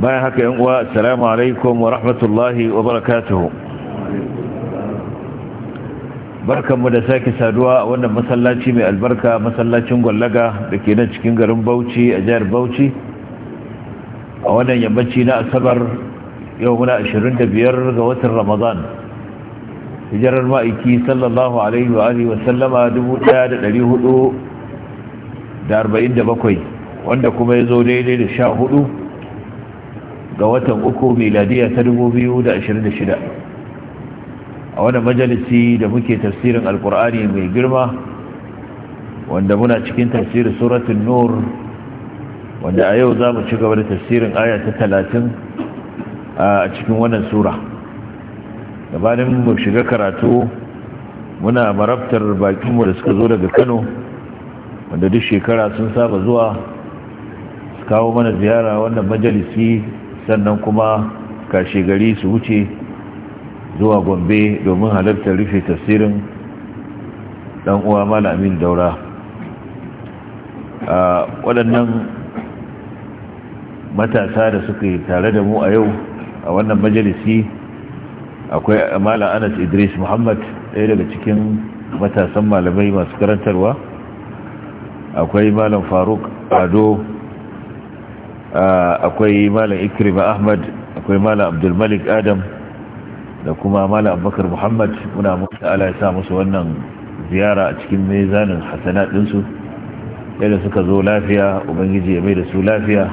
bayan haka yan uwa assalamu alaikum wa rahmatullahi wa barakatuhu barkanmu da sake saduwa a wannan masallaci mai albarka masallacin gwallaga da ke nan cikin garin bauchi a jihar bauchi a wannan yammaci na asabar yau muna 25 ga watan ramadan hijirar ma'aiki sallallahu alaihi wa alihi wa sallama 1447 wanda kuma ya zo daidai da 14 ga watan uku miladiya ta 2026 a wani majalisi da muke tafsirin alkur'ani mai girma wanda muna cikin tafsirin suratun nur wanda a yau za mu ci gaba da tafsirin aya ta 30 a cikin wannan sura gabanin mu shiga karatu muna marabtar bakinmu da suka zo daga kano wanda duk shekara sun saba zuwa su kawo mana ziyara wannan majalisi sannan kuma kashe gari su wuce zuwa gombe domin halartar rufe tasirin dan uwa malamin daura a waɗannan matasa da suke tare da mu a yau a wannan majalisi akwai amala anas idris muhammad ɗaya daga cikin matasan malamai masu karantarwa akwai malam faruk ado akwai malam ikrima ahmad akwai malam abdulmalik adam da kuma malam abubakar muhammad muna mutu ala ya sa musu wannan ziyara a cikin mezanin hasana ɗinsu yadda suka zo lafiya ubangiji ya mai da su lafiya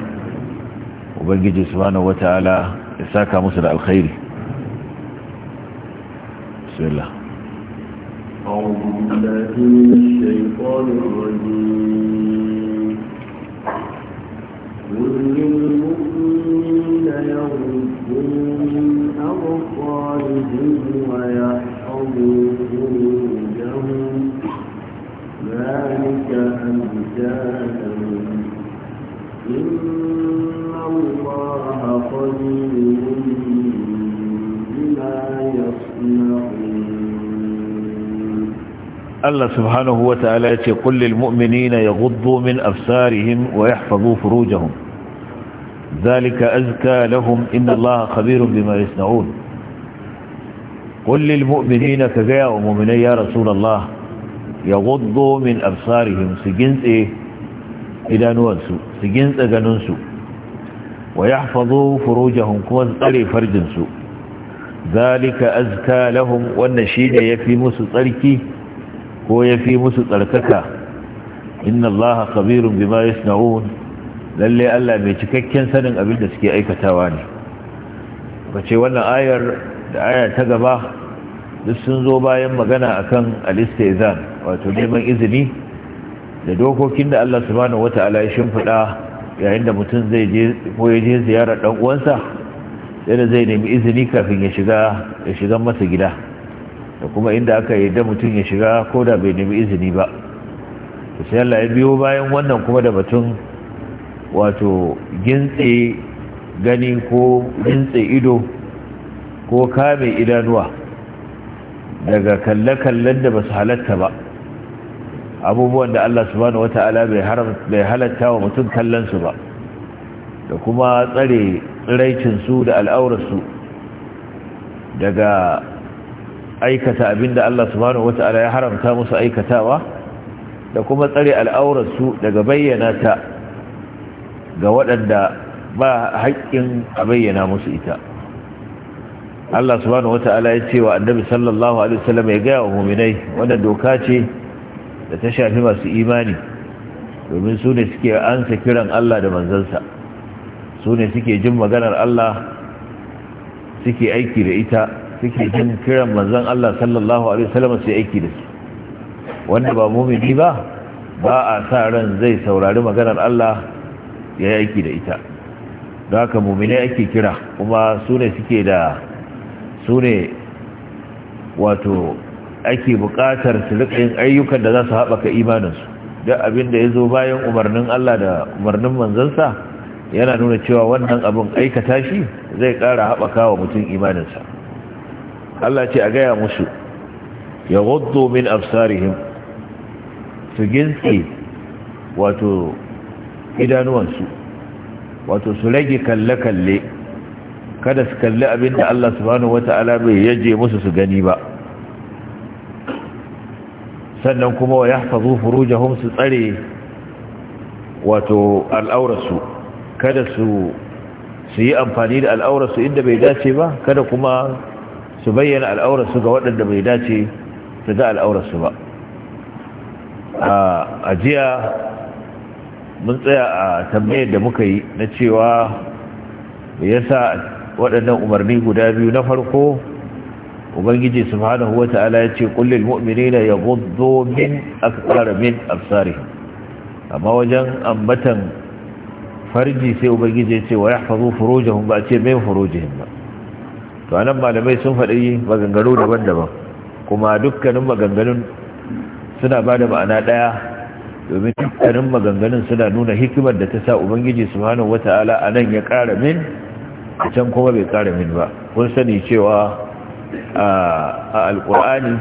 ubangiji wata ala ya saka musu da alkhairi bismillah أعوذ بالله من الشيطان الرجيم Allah subhanahu wa ta'ala ya ce kullil ya gudu min absarihim wa yahfazu furujahum zalika azka lahum inna Allah khabirun bima yasna'un qul lil mu'minina ka ga wa mu'minai ya ya gudu min absarihim su gintse idanuwansu su gintse ganinsu wa yahfazu furujahun kuma su tsare farjinsu zalika azka lahum wannan shine yafi musu tsarki ko ya fi musu tsarkaka inna allaha khabirun bima yasna'un lalle Allah mai cikakken sanin abin da suke aikatawa ne bace wannan ayar da ayar ta gaba duk sun zo bayan magana akan al-istizan wato neman izini da dokokin da Allah subhanahu wata'ala ya shimfiɗa yayin da mutum zai je ko ya je ziyarar dan uwansa sai da zai nemi izini kafin ya shiga ya shiga masa gida da kuma inda aka yi da mutum ya shiga ko da bai nemi izini ba sai Allah ya biyo bayan wannan kuma da batun wato gintse gani ko gintse ido ko kame idanuwa daga kalle-kallen da ba su halatta ba abubuwan da Allah subhanahu wata'ala bai halatta wa mutum kallonsu ba da kuma tsare tsiraicinsu da al'aurarsu daga aikata abinda Allah subhanahu wata'ala ya haramta musu aikatawa da kuma tsare al'aurarsu daga bayyana ta ga waɗanda ba haƙƙin a bayyana musu ita Allah subhanahu wata'ala ya ce wa annabi sallallahu alaihi wasallam ya gaya wa muminai wannan doka ce da ta shafi masu imani domin su ne suke ansa kiran Allah da manzansa su ne suke jin maganar Allah suke aiki da ita suke jin kiran manzon Allah sallallahu alaihi wasallam sai aiki da su wanda ba mumini ba ba a sa ran zai saurari maganar Allah ya yi aiki da ita don haka mumini ake kira kuma su ne suke da su ne wato ake buƙatar su yin ayyukan da za su haɓaka imaninsu duk abin da ya zo bayan umarnin Allah da umarnin manzansa yana nuna cewa wannan abin aikata shi zai ƙara haɓaka wa mutum imaninsa Allah ce a gaya musu ya waddo min absarihim su gintse wato idanuwansu wato su rage kalle-kalle kada su kalli abinda Allah subhanahu wata'ala bai yaje musu su gani ba sannan kuma wa yahfazu furujahum su tsare wato al'aurarsu kada su su yi amfani da al'aurarsu inda bai dace ba kada kuma su bayyana al'aurarsu ga waɗanda bai dace su ga al'aurarsu ba a jiya mun tsaya a tambayar da muka yi na cewa me yasa waɗannan umarni guda biyu na farko ubangiji subhanahu ta'ala ya ce kullil mu'minina domin min aqsar min absarihim amma wajen ambatan farji sai ubangiji ya ce wa yahfazu furujahum ba ce min ba to anan malamai sun faɗi maganganu daban-daban kuma dukkanin maganganun suna ba da ma'ana ɗaya domin dukkanin maganganun suna nuna hikimar da ta sa ubangiji subhanahu wata'ala a nan ya ƙara min a can kuma bai ƙara min ba kun sani cewa a alƙur'ani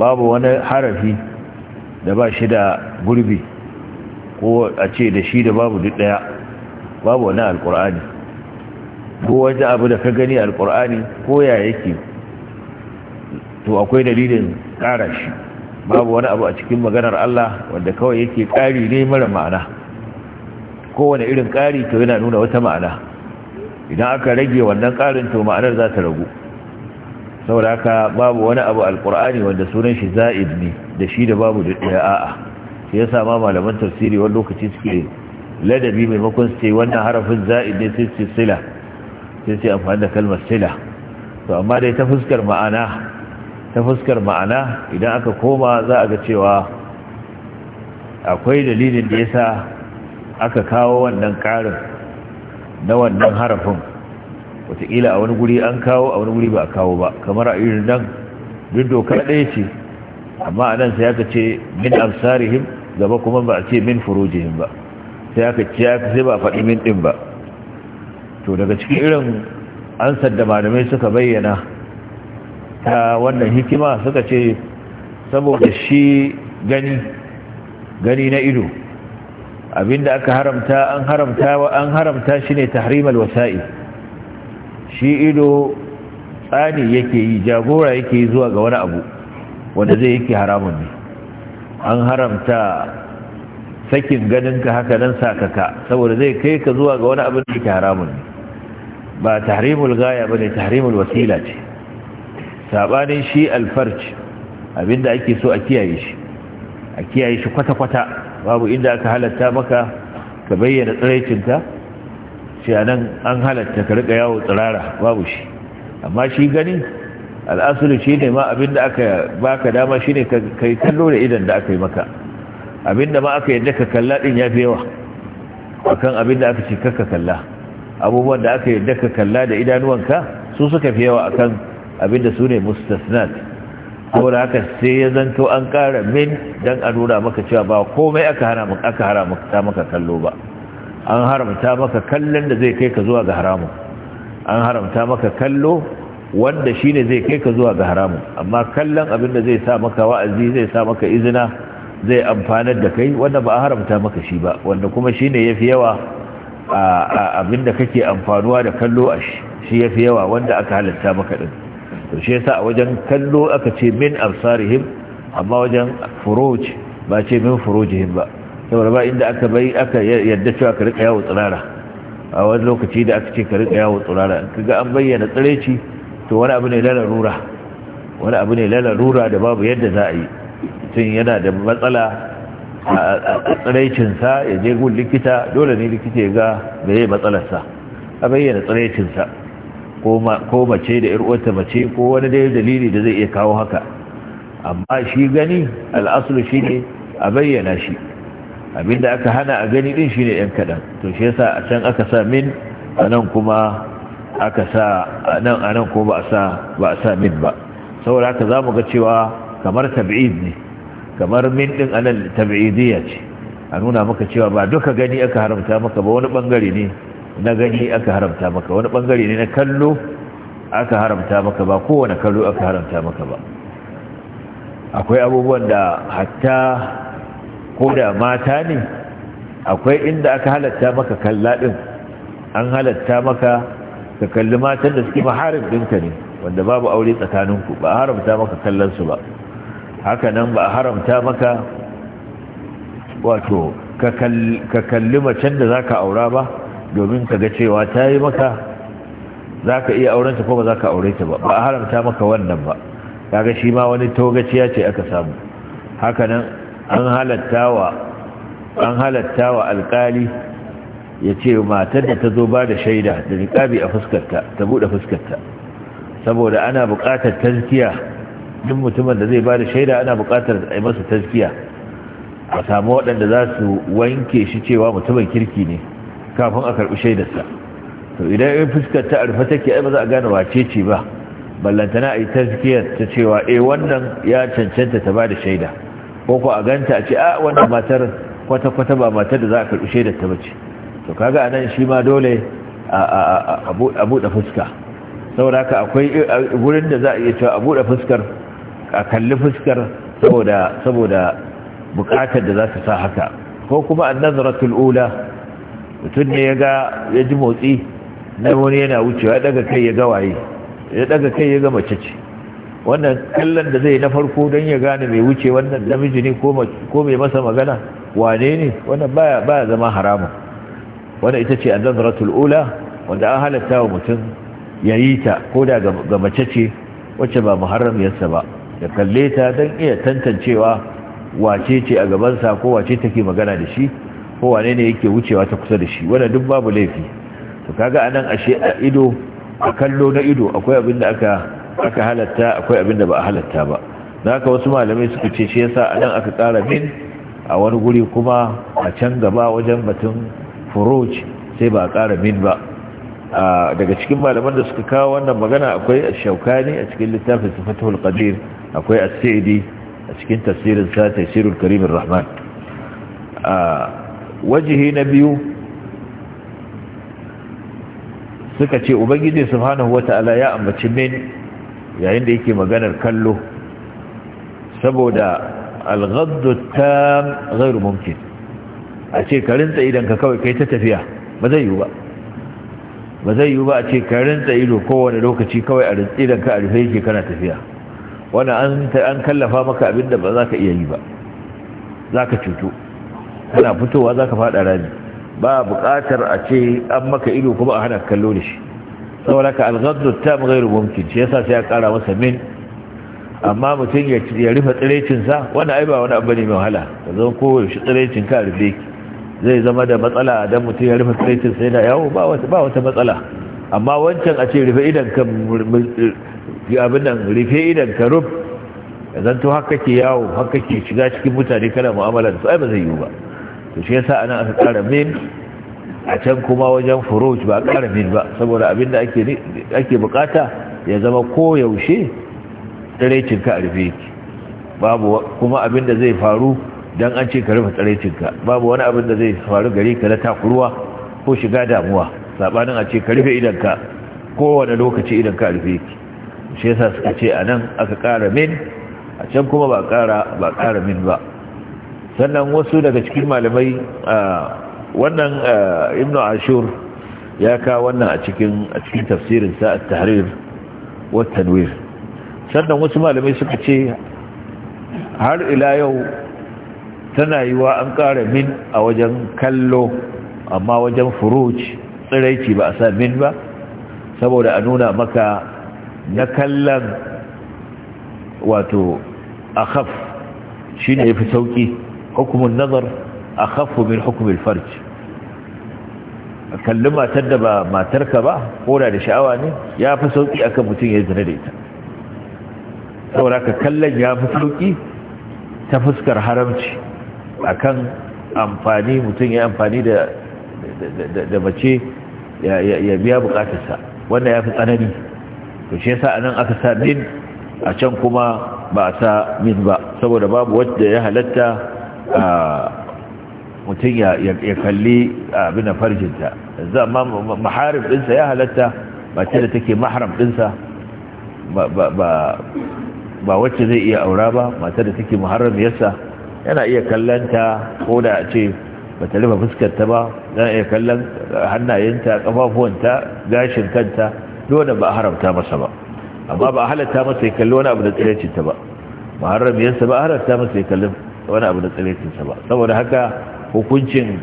babu wani harafi da ba shi da gurbi ko a ce da shi da babu duk ɗaya babu wani alƙur'ani ko wata abu da ka gani alkur'ani ko ya yake to akwai dalilin ƙara shi babu wani abu a cikin maganar Allah wanda kawai yake ƙari ne mara ma'ana kowane irin ƙari to yana nuna wata ma'ana idan aka rage wannan ƙarin to ma'anar za ta ragu saboda haka babu wani abu alkur'ani wanda sunan shi za'id ne da shi da babu da ɗaya a'a shi ya sa ma malaman tafsiri wani lokaci suke ladabi maimakon su ce wannan harafin za'id ne sai su sila sai sai amfani da kalmar sila to amma dai ta fuskar ma'ana ta fuskar ma'ana idan aka koma za a ga cewa akwai dalilin da yasa aka kawo wannan ƙarin na wannan harafin wataƙila a wani guri an kawo a wani guri ba a kawo ba kamar a irin nan duk doka ɗaya ce amma a nan sai aka ce min amsarihim gaba kuma ba a ce min furujihim ba sai aka ce sai ba a faɗi min ɗin ba to daga cikin irin ansar da malamai suka bayyana ta wannan hikima suka ce saboda shi gani gani na ido abinda aka haramta an haramta wa an haramta shi ne tahrimal wasa'i shi ido tsani yake yi jagora yake yi zuwa ga wani abu wanda zai yake haramun ne an haramta sakin ganinka haka nan sakaka saboda zai kai ka zuwa ga wani abin da yake haramun ne ba tahrimul gaya bane tahrimul wasila ce sabanin shi alfarj abinda ake so a kiyaye shi a kiyaye shi kwata-kwata babu inda aka halatta maka ka bayyana tsiraicinka shi anan nan an halatta ka riƙa yawo tsirara babu shi amma shi gani al'asulu shi ne ma abinda aka baka dama shi ne ka yi kallo da idan da aka yi maka abinda ma aka yadda ka kalla ɗin ya fi yawa akan abinda aka ce ka kalla abubuwan da aka yadda ka kalla da idanuwanka su suka fi yawa akan abinda su ne mustasnat saboda haka sai ya zanto an kara min dan a nuna maka cewa ba komai aka haramta maka kallo ba an haramta maka kallon da zai kai ka zuwa ga haramu. an haramta maka kallo wanda shi ne zai kai ka zuwa ga haramu. amma kallon abin da zai sa maka wa'azi zai sa maka izina zai amfana da kai wanda ba a haramta maka shi ba wanda kuma shi ne ya yawa abinda kake amfanuwa da kallo a shi yafi yawa wanda aka halitta maka din to shi yasa a wajen kallo aka ce min absarihim amma wajen furuj ba ce min furujihim ba saboda ba inda aka bai aka yadda cewa ka rika yawo tsirara a wani lokaci da aka ce ka rika yawo tsirara kaga an bayyana tsireci to wani abu ne lalarura wani abu ne lalarura da babu yadda za a yi tun yana da matsala a tsiraicinsa ya je gun likita dole ne likita ya ga da ya matsalarsa a bayyana tsiraicinsa ko mace da irwata mace ko wani da dalili da zai iya kawo haka amma shi gani al'asulu shi ne a bayyana shi abinda aka hana a gani din shi ne yan kaɗan to shi yasa a can aka sa min a nan kuma aka sa a nan a nan ko ba a sa min ba saboda haka za mu ga cewa kamar tab'id ne kamar min din anan tabi'idiyya ce a nuna maka cewa ba duka gani aka haramta maka ba wani bangare ne na gani aka haramta maka wani bangare ne na kallo aka haramta maka ba kowane kallo aka haramta maka ba akwai abubuwan da hatta ko da mata ne akwai inda aka halatta maka kalla din an halatta maka ka kalli matan da suke maharin ɗinka ne wanda babu aure tsakaninku ba haramta maka kallon su ba hakanan nan ba haramta maka wato ka kalli macen da za ka aura ba domin ka ga cewa ta yi maka za ka iya aurenta ko ba za ka aure ta ba ba a haramta maka wannan ba kaga shi ma wani togaciya ce aka samu hakanan an halattawa an halattawa alkali ya ce matar da ta zo ba da shaida da niƙabi a fuskarta ta buɗe fuskarta saboda ana buƙatar tazkiya duk mutumin da zai bada da shaida ana bukatar a yi masa taskiya a samu waɗanda za su wanke shi cewa mutumin kirki ne kafin a karɓi shaidarsa to idan yin fuskar ta arfa take ai ba za a gane wace ce ba ballantana a yi taskiyar ta cewa eh wannan ya cancanta ta bada shaida ko ko a ganta a ce a ah, wannan matar kwata-kwata ba matar da za a karɓi shaidar ta bace to kaga anan shi ma dole a buɗe fuska saboda haka akwai eh, wurin da za a iya cewa a buɗe fuskar a kalli fuskar saboda bukatar da za su sa haka ko kuma nazara tul'ula mutum ne ya ga ya ji motsi na wani yana wucewa ya daga kai ya ga waye ya daga kai ya ga mace ce wannan kallon da zai na farko don ya gane mai wuce wannan namiji ne ko mai masa magana wane ne wannan baya zama haramun wanda ita ce annazratul tul'ula wanda an halatta wa mutum ya yi ta ko da ga mace ce wacce ba muharram yarsa ba da kalle ta don iya tantancewa wace ce a gabansa ko wace take magana da shi ko wane ne yake wucewa ta kusa da shi wanda duk babu laifi to kaga anan ashe a ido a kallo na ido akwai abin da aka aka halatta akwai abin da ba a halatta ba da haka wasu malamai suka ce shi yasa anan aka tsara min a wani guri kuma a can gaba wajen batun furuj sai ba a ƙara min ba daga cikin malaman da suka kawo wannan magana akwai shaukani a cikin littafin sifatul qadir akwai as-sa'idi a cikin tafsirin sa tafsirul karim rahman wajihi na biyu suka ce ubangiji subhanahu wata'ala ya ambaci min yayin da yake maganar kallo saboda al-ghaddu tam ghairu mumkin a ce ka rinta idan ka kawai kai ta tafiya ba zai yiwu ba ba zai yi ba a ce ka rinta ido kowane lokaci kawai a rintsi ka a rufe yake kana tafiya wani an kallafa maka abin da ba za ka iya yi ba za ka cuto? kana fitowa za ka faɗa rami ba buƙatar a ce an maka ido kuma a hana kallo da shi saboda ka alghaddu ta ghairu mumkin shi yasa sai ya kara masa min amma mutum ya rufe tsiraicinsa wani ai ba wani abu ne mai wahala ka zo kowace tsiraicin ka rufe zai zama da matsala dan mutum ya rufe kretin sai da yawo ba wata matsala amma wancan a ce rufe idan ka abin nan rufe idan ka rub zan to haka ke yawo haka ke shiga cikin mutane kana mu'amala da su ba zai yiwu ba to shi yasa anan aka kara min a can kuma wajen furuj ba kara min ba saboda abin ake ake bukata ya zama ko yaushe ka a rufe babu kuma abin da zai faru dan an ce ka rufe tsaraicinka babu wani abin da zai faru gari ka na takurwa ko shiga damuwa sabanin a ce ka rufe idanka kowane lokaci idanka a rufe ki shi yasa suka ce a nan aka ƙara min a can kuma ba ƙara ba kara min ba sannan wasu daga cikin malamai wannan ibnu ashur ya kawo wannan a cikin a cikin tafsirin sa at-tahrir wa tanwir sannan wasu malamai suka ce har ila yau tana yiwa an ƙara min a wajen kallo amma wajen furuci tsiraici ba a sa min ba saboda a nuna maka na kallon wato a haf shi ne ya fi sauƙi hukumin nazar a hafu min hukumin farci kalli matar da ba matarka ba koda da sha'awa ne ya fi sauƙi akan mutum ya zina da ita saboda ka kallon ya fi sauƙi ta fuskar haramci akan amfani mutum ya amfani da mace ya biya bukatarsa wannan ya fi tsanani to shi yasa anan aka sa min a can kuma ba a sa min ba saboda babu wanda ya halatta mutum ya kalli abin da farjinta zama maharif ɗinsa ya halatta ba ce da take mahram ɗinsa ba wacce zai iya aura ba matar da take muharram yasa yana iya kallanta ko da a ce ba ta rufe fuskarta ba yana iya kallon hannayenta kafafuwanta gashin kanta dole ba haramta masa ba amma ba halatta masa ya kalli wani abu da tsirecinta ba muharramiyarsa ba halatta masa ya kalli wani abu da tsirecinsa ba saboda haka hukuncin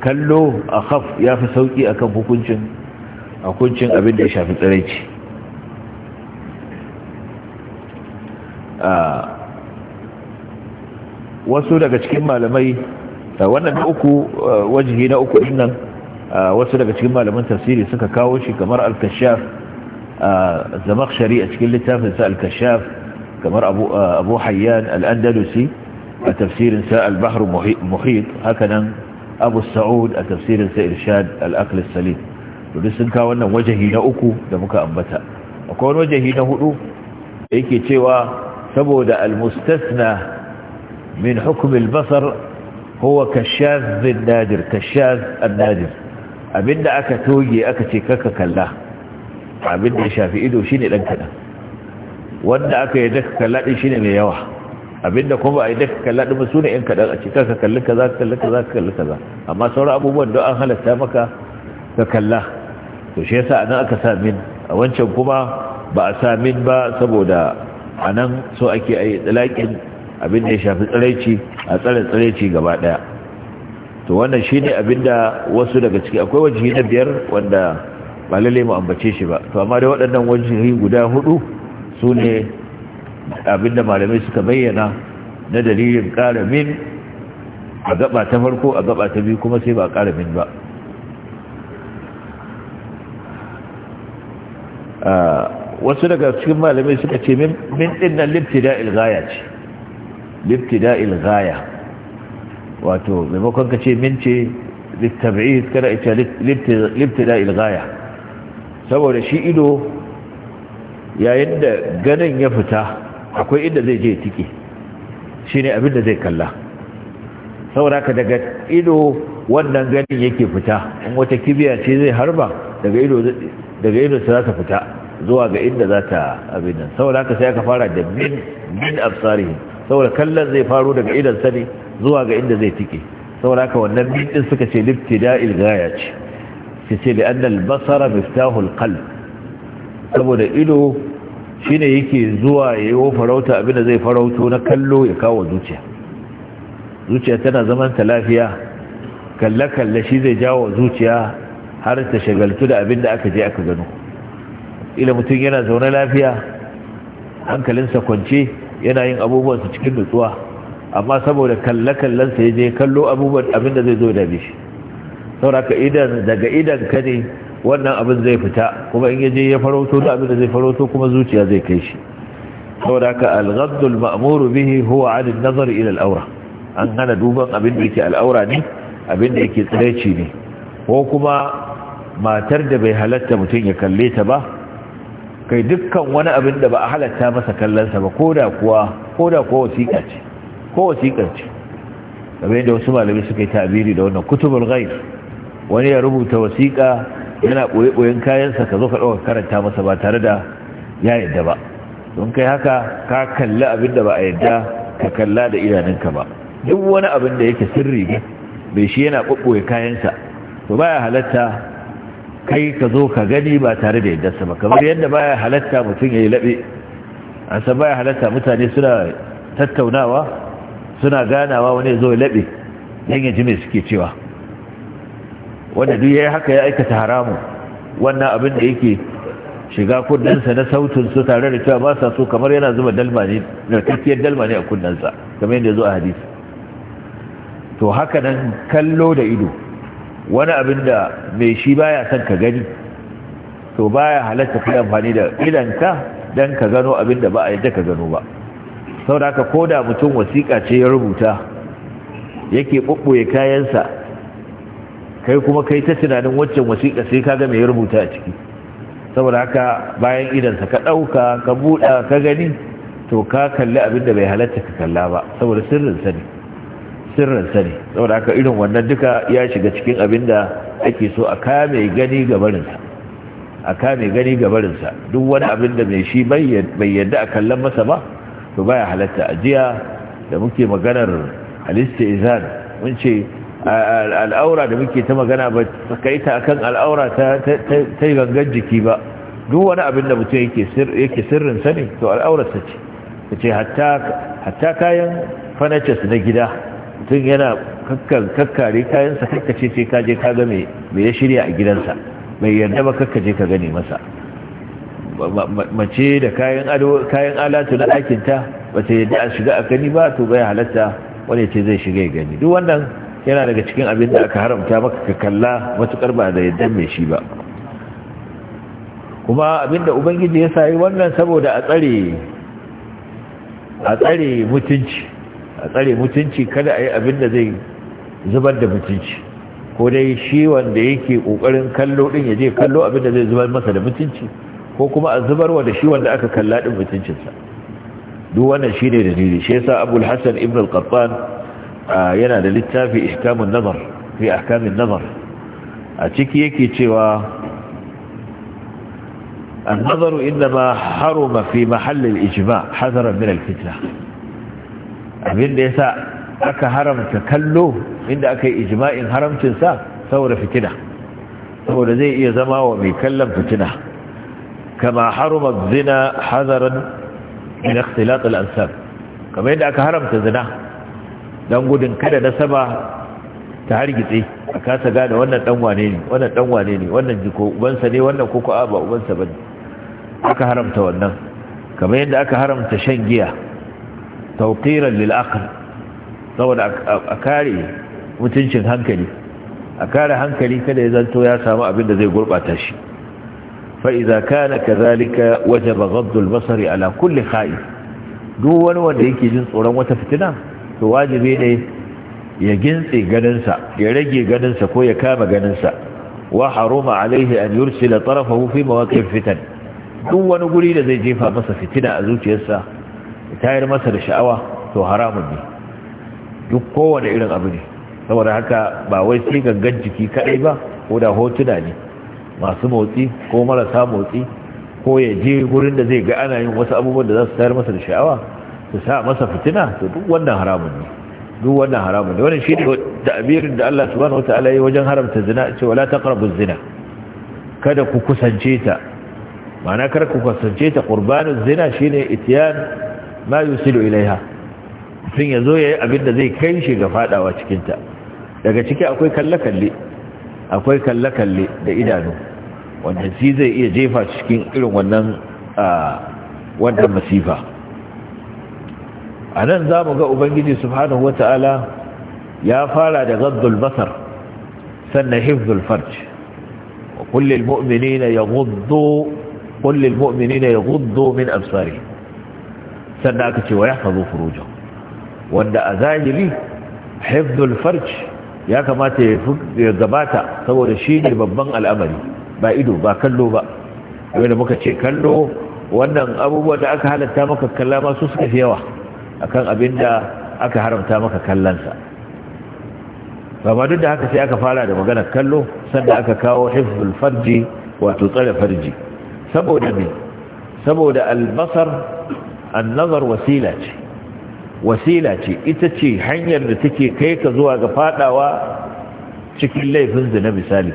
kallo a khaf ya fi sauki akan hukuncin hukuncin abin da ya shafi tsireci ah, wasu daga cikin malamai uh, wannan na uku uh, wajihi na uku dinnan uh, wasu daga cikin malaman tafsiri suka kawo shi kamar al-kashaf zamakhshari a cikin littafin sa al-kashaf kamar abu hayyan al-andalusi a tafsirin sa al-bahr muhit hakanan abu sa'ud a tafsirin sa irshad al-aql salim duk sun kawo wannan wajihi na uku da muka ambata akwai wajihi na hudu yake cewa saboda al-mustasna من حكم البصر هو كالشاذ النادر كالشاذ النادر abinda aka toge aka ce kaka kalla abinda ya shafi ido shine dan kada wanda aka yi daka kalla din shine mai yawa abinda kuma ai daka kalla din sune yan kadan a ce kaka kalli kaza kalli kaza kalli kaza amma sauran abubuwan da an halarta maka ka kalla to shi yasa anan aka a wancan kuma ba a sa ba saboda anan so ake ai dalakin abin da ya shafi tsiraici a tsare tsiraici gaba daya to wannan shine abin da wasu daga ciki akwai wajihi na biyar wanda ba lalle mu ambace shi ba to amma dai waɗannan wajihi guda hudu su ne abin da malamai suka bayyana na dalilin ƙara a gaba ta farko a gaba ta biyu kuma sai ba ƙara ba wasu daga cikin malamai suka ce min ɗin nan da ilgaya ce libtida'il ilgaya wato maimakon ka ce mince ce littab'id kada ita libtida'il ilgaya saboda shi ido yayin da ganin ya fita akwai inda zai je tiki shine abin da zai kalla saboda ka daga ido wannan ganin yake fita in wata kibiya ce zai harba daga ido daga ido za ta fita zuwa ga inda za ta abin nan saboda haka sai aka fara da min min absarihim saboda kallon zai faro daga idon sani zuwa ga inda zai tike saboda haka wannan bidin suka ce da'il gaya ce su ce da annal basara miftahul qalb saboda ido shine yake zuwa yayin farauta abinda zai farauto na kallo ya kawo zuciya zuciya tana zaman ta lafiya kalle kalle shi zai jawo zuciya har ta shagaltu da abinda aka je aka gano ila mutum yana zaune lafiya hankalinsa kwance yana yin abubuwan su cikin nutsuwa amma saboda kalle-kallen ya je kallo abubuwan abin da zai zo da bishi sauraka idan daga idan ka ne wannan abin zai fita kuma in yaje ya farauto da abin da zai farauto kuma zuciya zai kai shi saboda haka al-ghaddul ma'muru bihi huwa 'ala an-nazar ila al-awra an hana duban abin da yake al-awra ne abin da yake tsiraici ne ko kuma matar da bai halatta mutum ya kalle ta ba kai dukkan wani abin da ba a halatta masa kallonsa ba ko da kuwa wasiƙa ce ko ce game da wasu malami suka yi tabiri da wannan kutubul ghaib wani ya rubuta wasiƙa yana ɓoye-ɓoyen kayansa ka zo ka ɗauka karanta masa ba tare da ya yadda ba don kai haka ka kalli abin da ba a yadda ka kalla da idanunka ba duk wani abin da yake sirri ne mai shi yana ɓoɓɓoye kayansa to baya halatta kai ka zo ka gani ba tare da yadda ba kamar yadda baya halatta mutum ya yi laɓe an san baya halatta mutane suna tattaunawa suna ganawa wani zo ya laɓe don yaji mai suke cewa wanda duk ya yi haka ya aikata haramu wannan abin da yake shiga kundinsa na sautin su tare da cewa ba sa so kamar yana zuba dalma ne na tafiyar dalma ne a kundinsa kamar yadda ya zo a hadisi to haka nan kallo da ido wani abin da mai shi baya son ka gani to baya halatta kai amfani da idanka dan ka gano abin da ba a yadda ka gano ba saboda haka koda mutum wasiƙa ce ya rubuta yake bubbuye kayansa kai kuma kai ta tunanin waccan wasiƙa sai ka ga mai rubuta a ciki saboda haka bayan idansa ka ɗauka ka buɗa ka gani to ka kalli abin da bai halatta ka kalla ba saboda sirrin ne sirrinsa ne saboda haka irin wannan duka ya shiga cikin abin da ake so a kame gani gabarinsa a kame gani gabarinsa duk wani abin da mai shi bai yadda a kallon masa ba to baya halatta ajiya da muke maganar halitta izan mun ce al'aura da muke ta magana ba kai ta akan al'aura ta ta gangan jiki ba duk wani abin da mutum yake sir yake sirrin sani ne to al'aurarsa ce ce hatta hatta kayan furnitures na gida mutum yana kakkare kayansa kakkace sai kaje ka ga me ya shirya a gidansa mai yarda ba kakkace ka gani masa mace da kayan alatu na ɗakinta ba ta yadda a shiga a gani ba to bai halatta wani ce zai shiga ya gani duk wannan yana daga cikin abin da aka haramta maka ka kalla matukar ba da yadda mai shi ba kuma abin da ubangiji ya sayi wannan saboda a tsare a tsare mutunci a tsare mutunci kada a yi abin da zai zubar da mutunci ko dai shi wanda yake kokarin kallo din ya je kallo abin da zai zubar masa da mutunci ko kuma a zubarwa da shi wanda aka kalla din mutuncinsa duk wannan shi ne dalili shi yasa abul hasan ibn al-qattan yana da littafi ihkamun nazar fi ahkamin nazar a ciki yake cewa النظر إنما حرم في محل الإجماع حذرا من الفتنة abinda ya sa aka haramta kallo inda aka yi ijma'in haramcinsa saboda fitina saboda zai iya zama wa mai kallon fitina kama haruma zina hazaran min ikhtilat al-ansab kamar yadda aka haramta zina don gudun kada na sama ta hargitse a kasa gane wannan dan ne wannan dan ne wannan jiko ubansa ne wannan koko a ba ubansa bane aka haramta wannan kamar yadda aka haramta shan giya tauqiran lil saboda a kare mutuncin hankali a kare hankali kada ya zanto ya samu abin da zai gurɓata shi Fa'iza idza kana kadhalika wajaba ghadd al Masari ala kulli kha'if duk wani wanda yake jin tsoron wata fitina to wajibi ne ya gintse ganinsa ya rage ganinsa ko ya kama ganinsa wa haruma alaihi an yursila tarafa fi mawaqif fitan duk wani guri da zai jefa masa fitina a zuciyarsa tayar masa da sha'awa to haramun ne duk kowane irin abu ne saboda haka ba wai sai gangan jiki kadai ba ko da hotuna ne masu motsi ko marasa motsi ko ya je gurin da zai ga ana yin wasu abubuwan da za su tayar masa da sha'awa su sa masa fitina to duk wannan haramun ne duk wannan haramun ne wannan shi ne da abirin da Allah subhanahu wataala ya wajen haramta zina ce wala taqrabu zina kada ku kusance ta ma'ana kar ku kusance ta qurbanuz zina shine ityan ma yusilu ilaiha mutum ya zo ya yi abin da zai kai shi ga fadawa cikinta daga ciki akwai kalle-kalle akwai kalle-kalle da idanu wanda shi zai iya jefa cikin irin wannan wannan masifa a nan za mu ga ubangiji subhanahu wata'ala ya fara da gaddul basar sannan hifzul farj wa kullil mu'minina yaghuddu min absarihim sannan aka ce wa yahfazu furujahum wanda a zahiri hifdul farj ya kamata ya gabata saboda shi ne babban al'amari ba ido ba kallo ba abin da muka ce kallo wannan abubuwan da aka halatta maka kalla ma su suka fi yawa kan abin da aka haramta maka kallansa ba duk da haka sai aka fara da maganar kallo sannan aka kawo hifdul farji wato tsare farji saboda ne saboda albasar annazar wasila ce wasila ce ita ce hanyar da take kai ka zuwa ga fadawa cikin laifin zina misali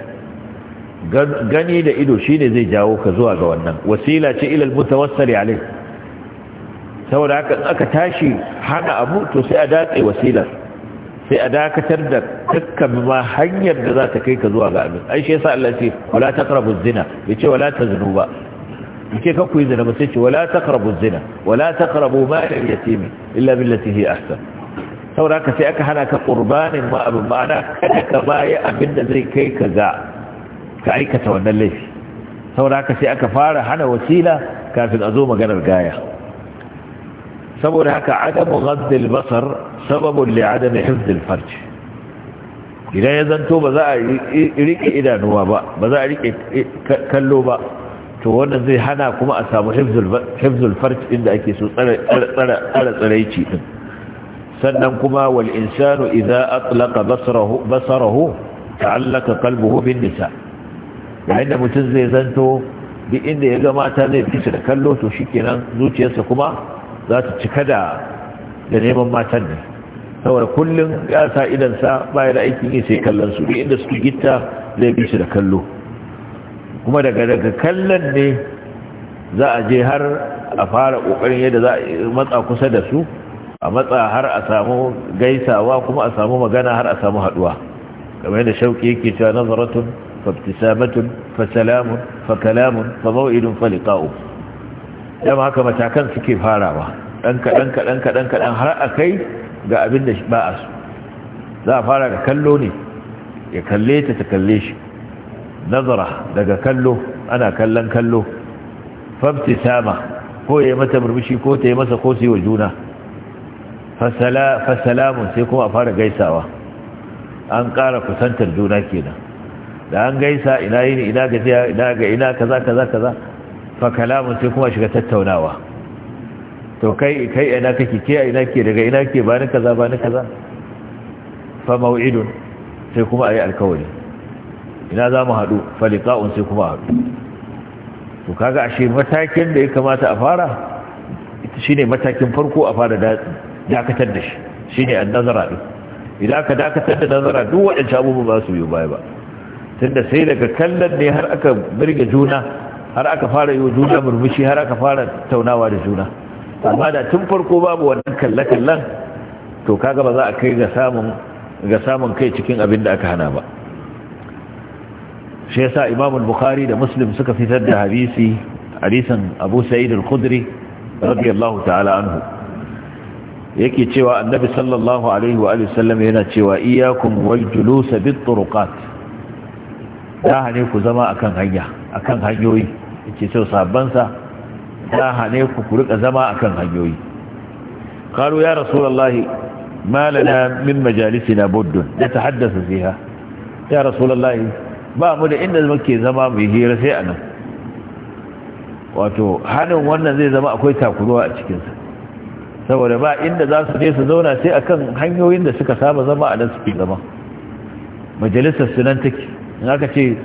gani da ido shine zai jawo ka zuwa ga wannan wasila ce ilal mutawassali alai saboda haka aka tashi hana abu to sai a datse wasilar sai a dakatar da dukkan ma hanyar da za ta kai ka zuwa ga abin ai shi yasa Allah ce wala taqrabu zina yace wala taznu ba كيف أكوي إذا نمسيتش ولا تقربوا الزنا ولا تقربوا مال اليتيم إلا بالتي هي أحسن ثورة كسيئك هناك قربان ما أبمانا كنك ما يأمن ذري كي كذا كأي كتوانا ليس ثورة كسيئك فارة هنا وسيلة كان في الأزومة قنا القاية هناك عدم غض البصر سبب لعدم حفظ الفرج إذا يزنتوا بذا إليك إذا نوابا بذا إليك كلوا to wannan zai hana kuma a samu hifzul farj inda ake so tsara tsaraici din sannan kuma wal insanu idza atlaqa basarahu basarahu ta'allaka qalbuhu bin nisa yayin da mutum zai zanto duk inda ya ga mata zai fi da kallo to shikenan zuciyarsa kuma za ta cika da da neman matan ne saboda kullum ya sa idan sa baya da aikin yi sai kallon su duk inda su gitta zai fi da kallo kuma daga daga kallon ne za a je har a fara ƙoƙarin yadda za a matsa kusa da su a matsa har a samu gaisawa kuma a samu magana har a samu haduwa kamar yadda shauƙi yake cewa nazaratun fabtisamatun fasalamun fakalamun famau'idun faliqa'u dan haka matakan suke farawa dan kadan kadan kadan kadan har akai ga abin da ba a su za a fara da kallo ne ya kalle ta ta kalle shi nazara daga kallo ana kallon kallo famtisama ko ya yi mata murmushi ko ta yi masa ko su yi wa juna fasalamun sai kuma a fara gaisawa an ƙara kusantar juna kenan da an gaisa ina yini ina gajiya ina ga ina kaza kaza kaza fa kalamun sai kuma shiga tattaunawa to kai kai ina kake ke a ina ke daga ina ke ba ni kaza ba ni kaza fa mau'idun sai kuma ayi alkawari ina za mu haɗu falika'un sai kuma haɗu to kaga ashe matakin da ya kamata a fara shi ne matakin farko a fara dakatar da shi shine an nazara ɗin idan aka dakatar da nazara duk waɗancan abubuwa ba su yi baya ba tunda sai daga kallon ne har aka birge juna har aka fara yi juna murmushi har aka fara taunawa da juna amma da tun farko babu wannan kalle-kallen to kaga ba za a kai ga samun kai cikin abin da aka hana ba shi yasa imam bukhari da muslim suka fitar da hadisi hadisin abu sa'id al-khudri radiyallahu ta'ala anhu yake cewa annabi sallallahu alaihi wa sallam yana cewa iyyakum wal julus bi turuqat da hane ku zama akan hanya akan hanyoyi yake cewa sabban sa da hane ku ku rika zama akan hanyoyi qalu ya rasulullahi ma lana min majalisina budd natahaddathu fiha ya rasulullahi ba mu da inda muke zama mai hira sai a nan wato hannun wannan zai zama akwai takuruwa a cikinsa saboda ba inda za su ne su zauna sai akan hanyoyin da suka saba zama a nan fi zama majalisar sunan take in aka ce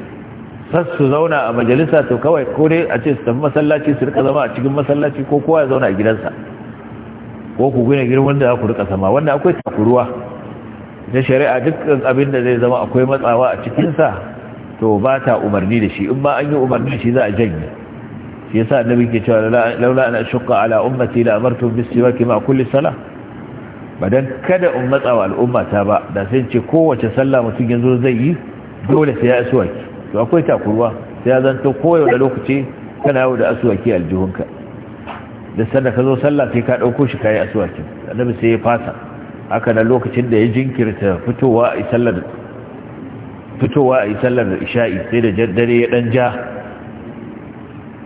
sassu zauna a majalisa to kawai ko dai a ce su tafi masallaci su rika zama a cikin masallaci ko kowa ya zauna a gidansa ko ku gina girman da za ku rika sama wannan akwai takuruwa na shari'a dukkan abin da zai zama akwai matsawa a cikinsa to ba ta umarni da shi in ma an yi umarni shi za a janye shi yasa annabi ke cewa laula ana shukka ala ummati la amartu bis siwaki ma kulli salah badan kada in matsa wa al'umma ta ba da sai ce kowace sallah mutum yanzu zai yi dole sai ya aswaki to akwai takurwa sai ya zanto koyau da lokaci kana yau da aswaki aljihunka da sanda ka zo sallah sai ka dauko shi kai aswaki annabi sai ya fasa haka nan lokacin da ya jinkirta fitowa a sallar fitowa a yi sallar isha'i sai da dare ya dan ja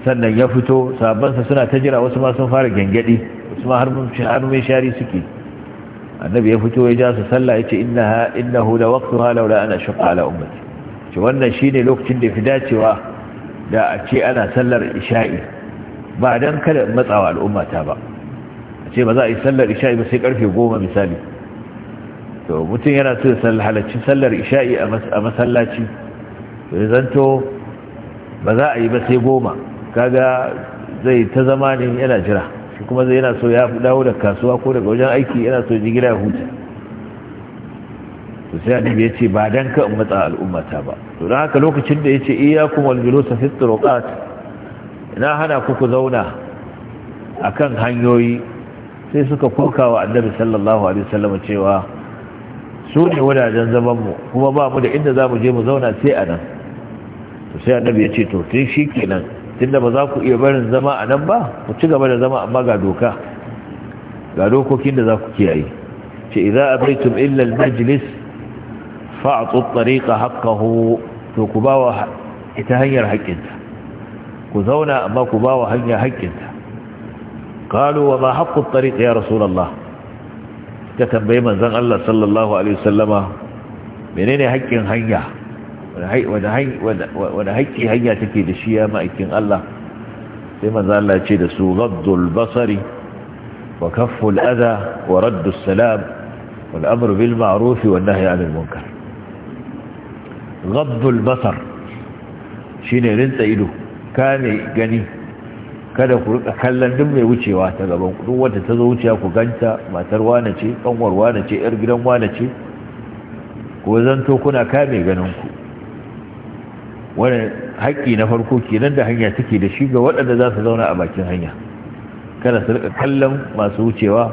sannan ya fito sabansa suna ta jira wasu ma sun fara gyangyaɗi wasu ma har mai shari suke annabi ya fito ya ja su sallah ya ce innahu da waqtuha laula ana shaqqa ala ummati ce wannan shine lokacin da fi dacewa da a ce ana sallar isha'i ba dan kada matsawa al'ummata ba a ce ba za a yi sallar isha'i ba sai karfe goma misali to mutum yana so ya halarci sallar isha'i a masallaci ya zanto ba za a yi ba sai goma kaga zai ta zama ne yana jira shi kuma zai yana so ya dawo da kasuwa ko daga wajen aiki yana so ji gida ya huta to sai annabi ya ce ba dan ka in matsa al'ummata ba to don haka lokacin da ya ce iyyakum wal julus fi turuqat ina hana ku ku zauna kan hanyoyi sai suka koka wa annabi sallallahu alaihi wasallam cewa su ne wadajen zamanmu kuma ba mu da inda za mu je mu zauna sai a nan sai annabi ya ce to tun shi kenan tunda ba za ku iya barin zama a nan ba ku ci gaba da zama amma ga doka ga dokokin da za ku kiyaye ce idza abaitum illa al-majlis fa'tu at-tariqa haqqahu to ku bawa ita hanyar haƙƙinta ku zauna amma ku bawa hanya haƙƙinta qalu wa ma haqqu at-tariq ya rasulullah suka tambayi manzon Allah sallallahu alaihi wasallama menene haƙƙin hanya wani haƙƙi hanya take da shi ya ma'aikin Allah sai manzan Allah ce da su ghaddul basari wa kafful adha wa raddus salam wal amru bil ma'ruf wa nahyi 'anil munkar ghaddul basar shine rinta ido kame gani kada ku rika kallon duk mai wucewa ta gaban ku duk wanda ta zo wuciya ku ganta matar wane ce kanwar wane ce yar gidan wane ce ko zanto kuna kame ganin ku wani haƙƙi na farko kenan da hanya take da shi ga waɗanda za su zauna a bakin hanya kada su rika kallon masu wucewa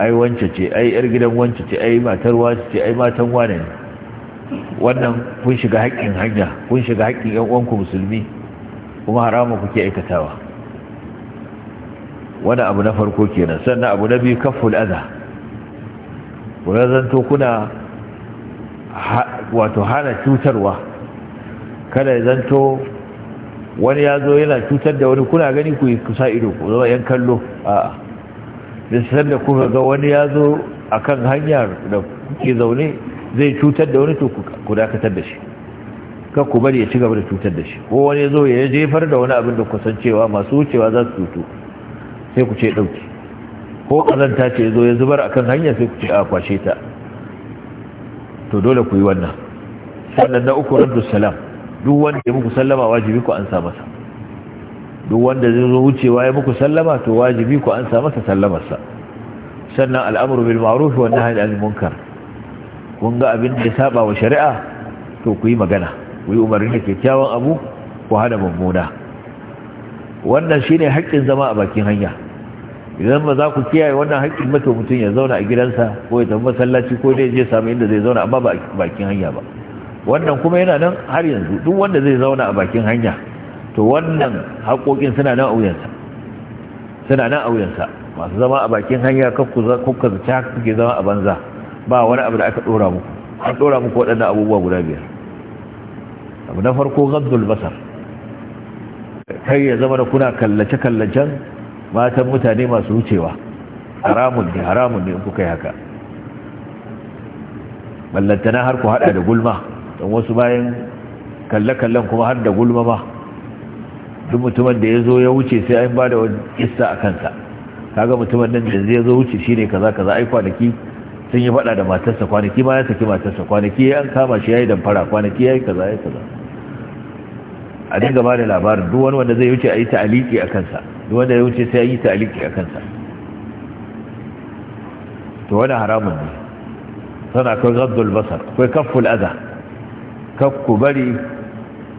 ai wance ce ai yar gidan wance ce ai matar wace ce ai matan wane ne wannan kun shiga haƙƙin hanya kun shiga haƙƙin ƴan uwanku musulmi kuma haramun kuke aikatawa wani abu na farko kenan sannan abu na biyu kaful adha kuna zanto kuna wato hana cutarwa kada ya zanto wani ya zo yana cutar da wani kuna gani ku kusa ido ku zama yan kallo a nisan da kuka ga wani ya zo a kan hanyar da kuke zaune zai cutar da wani to ku dakatar da shi kan ku bari ya ci gaba da cutar da shi ko wani ya zo ya jefar da wani abin da kusancewa masu wucewa za su cutu sai ku ce ɗauki ko ƙazanta ce ya zo ya zubar a kan hanya sai ku ce a kwashe ta to dole ku yi wannan sannan na uku raddu salam duk wanda ya muku sallama wajibi ku ansa masa duk wanda zai zo wucewa ya muku sallama to wajibi ku ansa masa sallamarsa sannan al'amru bil ma'ruf wa nahyi anil munkar kun ga abin da ya saba wa shari'a to ku yi magana ku yi umarni da kyakkyawan abu ku hana mummuna wannan shine haƙƙin zama a bakin hanya idan ba za ku kiyaye wannan haƙƙin mato mutum ya zauna a gidansa ko ya tafi masallaci ko dai je samu inda zai zauna amma ba bakin hanya ba wannan kuma yana nan har yanzu duk wanda zai zauna a bakin hanya to wannan haƙoƙin suna nan a wuyansa suna nan a wuyansa masu zama a bakin hanya kakku kakku zaci haka kuke zama a banza ba wani abu da aka ɗora muku an ɗora muku waɗannan abubuwa guda biyar abu na farko gabdul basar kai ya zama da kuna kallace-kallacen matan mutane masu wucewa haramun ne haramun ne in kuka yi haka ballantana har ku hada da gulma don wasu bayan kalle-kallen kuma har da gulma ba duk mutumin da ya zo ya wuce sai an ba da wani kissa a kansa kaga mutumin nan da zai zo wuce shi ne kaza kaza ai kwanaki sun yi faɗa da matarsa kwanaki ma ya saki matarsa kwanaki ya kama shi ya yi damfara kwanaki ya yi kaza ya kaza a dinga ba da labarin duk wani wanda zai wuce a yi ta'aliki a kansa wanda ya wuce sai yi aliki a kansa to wani haramun ne sana akwai gaddul basar akwai kafful aza kakku bari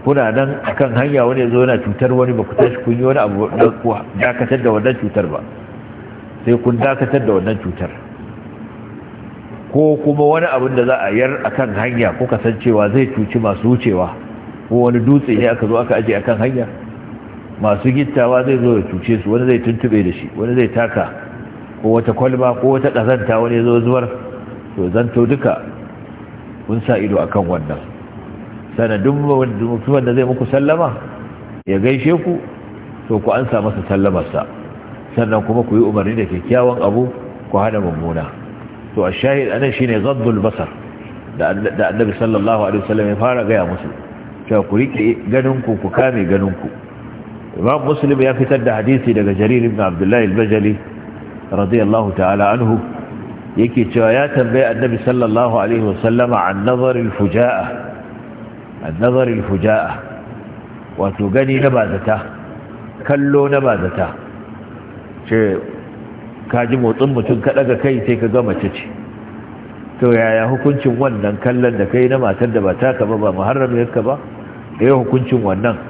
kuna nan a kan hanya wani ya zo yana cutar wani ba ku tashi kun yi wani abu da ku dakatar da wannan cutar ba sai kun dakatar da wannan cutar ko kuma wani abin da za a yar a kan hanya ko kasancewa zai cuci masu wucewa ko wani dutse ne aka zo aka aje kan hanya masu gittawa zai zo ya cuce su wani zai tuntube da shi wani zai taka ko wata kwalba ko wata ƙazanta wani ya zo zuwar to zanto duka kun sa ido akan wannan sanadin mutumin da zai muku sallama ya gaishe ku to ku an sa masa sallamarsa sannan kuma ku yi umarni da kyakkyawan abu ku hana mummuna to a shahid anan shine zaddul basar da annabi sallallahu alaihi wasallam ya fara gaya musu cewa ku rike ganin ku kame ku. imam muslim ya fitar da hadisi daga jarir ibn abdullahi al-bajali radiyallahu ta'ala anhu yake cewa ya tambaye annabi sallallahu alaihi wasallama an nazar al-fuja'a an nazar al-fuja'a wato gani na bazata kallo na bazata ce ka ji motsin mutum ka daga kai sai ka ga mace ce to yaya hukuncin wannan kallon da kai na matar da ba taka ba ba muharram yarka ba da hukuncin wannan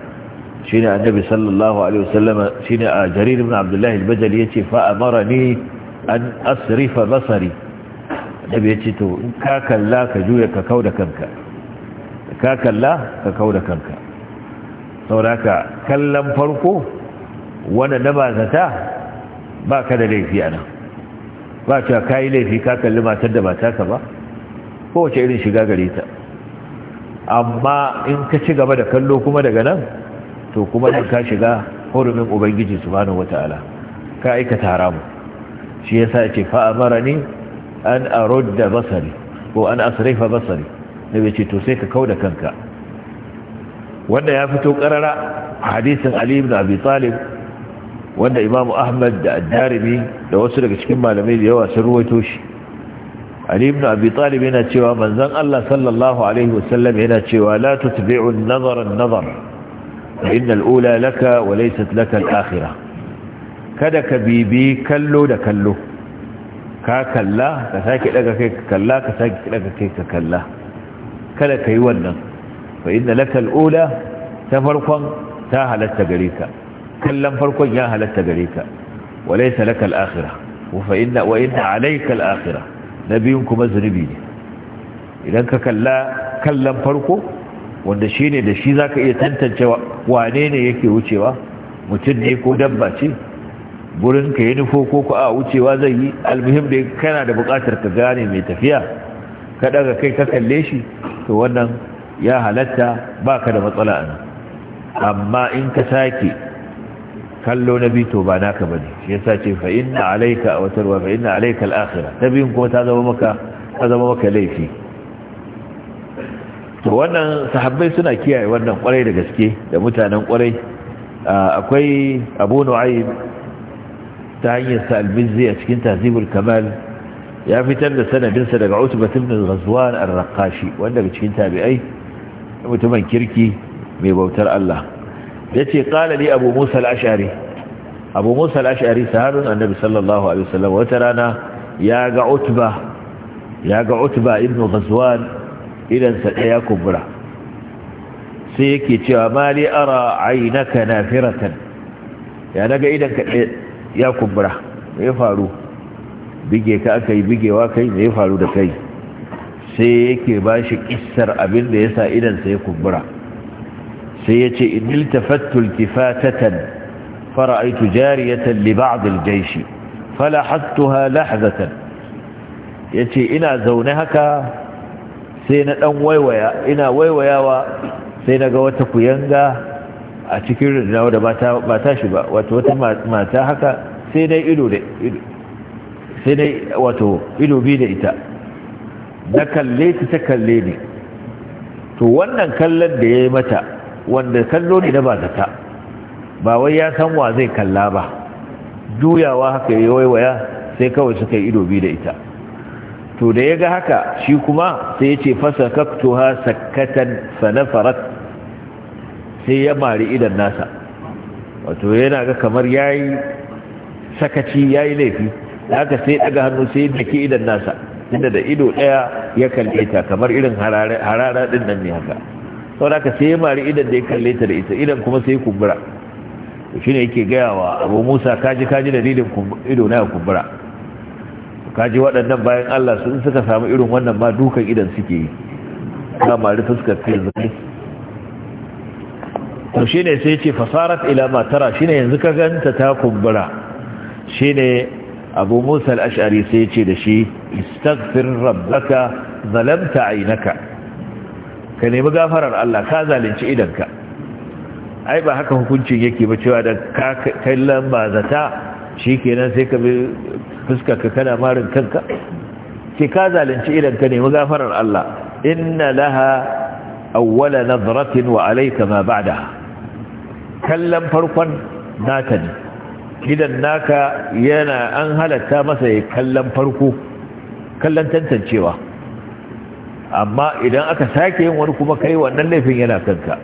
shine annabi sallallahu alaihi wasallama shine a jarir ibn abdullah al-bajali yace fa amarani an asrifa basari annabi ce to in ka kalla ka juya ka kauda kanka ka kalla ka kauda kanka sauraka kallon farko wanda na ba zata ba ka da laifi a nan ba cewa ka yi laifi ka kalli matar da ba taka ba kowace irin shiga gare ta amma in ka ci gaba da kallo kuma daga nan to kuma nan ka shiga hurumin ubangiji subhanahu wataala ka aikata haramu shi yasa yace fa amarani an arudda basari ko an asrifa basari nabi ce to sai ka kauda kanka wanda ya fito karara hadisin ali ibn abi talib wanda Imam ahmad da addarimi da wasu daga cikin malamai da yawa sun ruwaito shi ali ibn abi talib yana cewa manzon Allah sallallahu alaihi wasallam yana cewa la tutbi'u an-nazara an-nazara فإن الأولى لك وليست لك الآخرة kada ka bibi kallo da kallo ka kalla ka sake daga kai ka kalla ka sake daga kai ka kalla kada ka yi wannan fa inna lakal ula ta farkon ta halatta gare ka kallon farkon ya halatta gare ka wa laysa lakal akhirah wa fa inna wa inna alayka al akhirah nabiyun kuma zunubi ne idan ka kalla kallan farko wanda shi ne da shi za ka iya tantance wane ne yake wucewa mutum ne ko dabba ce gurin ka yi nufo ko ku a wucewa zai yi almuhim da kana da bukatar ka gane mai tafiya ka daga kai ka kalle shi to wannan ya halatta ba ka da matsala a nan amma in ka sake kallo na biyu to ba naka ba ne shi ya ce fa'in na alaika a watarwa fa'in na alaika al'akira ta biyun kuma ta zama maka laifi to wannan sahabbai suna kiyaye wannan kwarai da gaske da mutanen kwarai akwai abu nu'aym ta hanyar salmizi a cikin tazibul kamal ya fitar da sanadinsa daga utbat ibn al-ghazwan ar-raqashi wanda daga cikin tabi'ai mutumin kirki mai bautar Allah yace qala li abu musa al-ash'ari abu musa al-ash'ari sahabin annabi sallallahu alaihi wasallam wata rana ya ga utba ya ga utba ibn ghazwan idansa ɗaya kubura sai yake cewa mali ara ainaka nafiratan ya naga idanka ya kubura me ya faru bige ka aka yi bigewa kai me ya faru da kai sai yake ba shi kissar abin da ya sa idansa ya kumbura sai ya ce inil tafattul kifatatan fara'aitu jariyatan li ba'd al-jaysh falahattuha lahzatan yace ina zaune haka sai na dan waiwaya ina waiwayawa sai na ga wata kuyanga a cikin rundunawa da ba ta shi ba wato wata mata haka sai na ido da ido sai na wato ido bi da ita na kalle ta ta kalle ne to wannan kallon da ya yi mata wanda kallo ne na ba zata ba wai ya san wa zai kalla ba juyawa haka ya yi waiwaya sai kawai suka yi ido bi da ita to da ya ga haka shi kuma sai ya ce sakatan sakkatan fanafarat sai ya mari idan nasa wato yana ga kamar yayi sakaci yayi laifi haka sai daga hannu sai ya dake idan nasa inda da ido daya ya kalle ta kamar irin harara din nan ne haka saboda ka sai ya mari idan da ya kalle ta da ita idan kuma sai ya kumbura shi ne yake gaya wa abu musa kaji kaji dalilin ido na ya kumbura kaji waɗannan bayan Allah sun suka samu irin wannan ma dukan idan suke yi kamari fuskar kai zai to shi ne sai ce fasarat ila matara shi ne yanzu ka ganta ta kumbura shi ne abu musa al'ashari sai ce da shi istagfir rabbaka zalamta ainaka ka nemi gafarar Allah ka zalunci idanka ai ba haka hukuncin yake ba cewa da kallon ba zata shi kenan sai ka bi fuska ka kana marin kanka ce ka zalunci idan ka nemi Allah inna laha awwala nadratin wa alayka ma ba'daha kallon farkon naka ne idan naka yana an halatta masa ya kallon farko tantancewa amma idan aka sake yin wani kuma kai wannan laifin yana kanka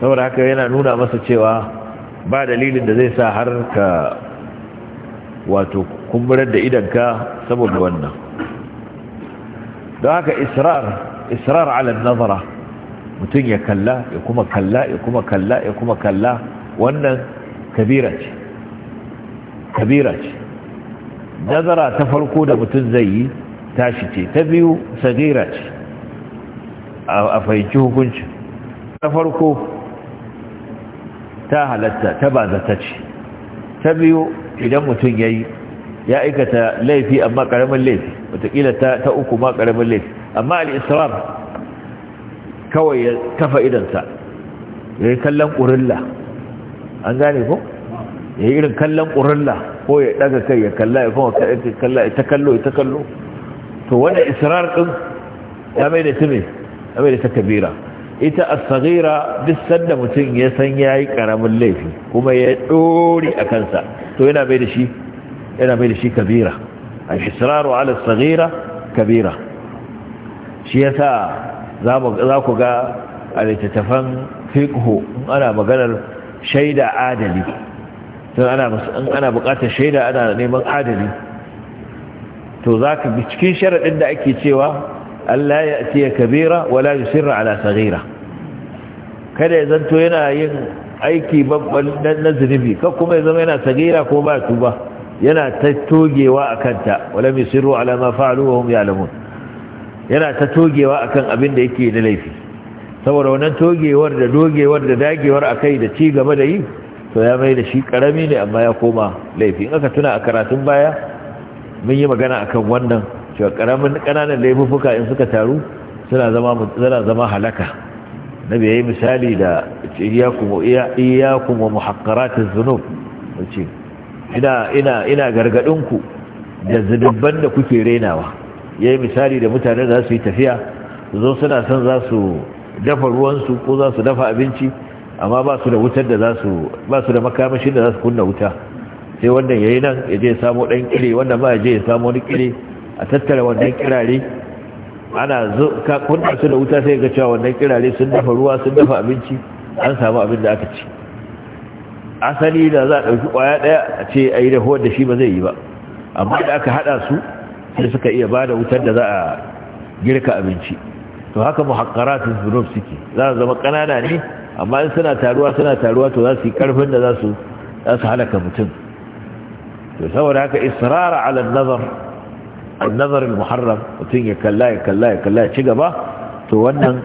saboda haka yana nuna masa cewa ba dalilin da zai sa har ka wato kumburar da idanka saboda wannan don haka israr israr ala nazara mutum ya kalla ya kuma kalla ya kuma kalla ya kuma kalla wannan kabira ce kabira ce nazara ta farko da mutum zai yi tashi ce ta biyu sagira ce a fahimci hukuncin ta farko ta halatta ta ba ta ce ta biyu idan mutum ya yi ya aikata laifi amma karamin laifi watakila ta uku ma karamin laifi amma al'israr kawai ya kafa idansa ya yi kallon ƙurilla an gane ko ya yi irin kallon ƙurilla ko ya ɗaga kai ya kalla ya kuma kalla ya ta kallo ya ta kallo to wani israr ɗin ya mai da tume ya mai da ta kabira ita as-saghira duk sanda mutum ya san ya yi ƙaramin laifi kuma ya ɗori a kansa to yana mai da shi yana mai da shi kabira al-israru ala saghira kabira shi yasa za ku ga a littattafan fiqhu ana maganar shaida adali don ana bukatar shaida ana neman adali to za ka cikin sharaɗin da ake cewa Allah ya ce kabira wala sirra ala saghira kada ya zanto yana yin aiki babban na zunubi ka kuma ya zama yana saghira ko ba tuba yana ta togewa a kanta wala mai siru alama fa'alu wa hum ya'lamun yana ta togewa akan abin da yake da laifi saboda wannan togewar da dogewar da dagewar kai da ci gaba da yi to ya mai da shi karami ne amma ya koma laifi in aka tuna a karatun baya mun yi magana akan wannan cewa karamin kananan laifuka in suka taru suna zama suna zama halaka nabi yayi misali da iyyakum wa iyyakum wa muhaqqaratiz zunub ce ina ina ina gargadin ku da zubban da kuke renawa yayi misali da mutanen da su yi tafiya zo suna son za su dafa ruwan su ko za su dafa abinci amma ba su da wutar da za su ba su da makamashin da za su kunna wuta sai wannan yayi nan ya je ya samu dan kire wannan ba ya je ya samu wani kire a tattara wannan kirare ana kunna su da wuta sai ga cewa wannan kirare sun dafa ruwa sun dafa abinci an samu abin da aka ci asali da za a ɗauki ƙwaya ɗaya a ce a yi rahuwar da shi ba zai yi ba amma da aka haɗa su sai suka iya ba da wutar da za a girka abinci to haka muhakkaratun zunub suke za a zama ƙanana ne amma in suna taruwa suna taruwa to za su yi ƙarfin da za su halaka mutum to saboda haka israra ala nazar nazar muharram mutum ya kalla ya kalla ya kalla ya ci gaba to wannan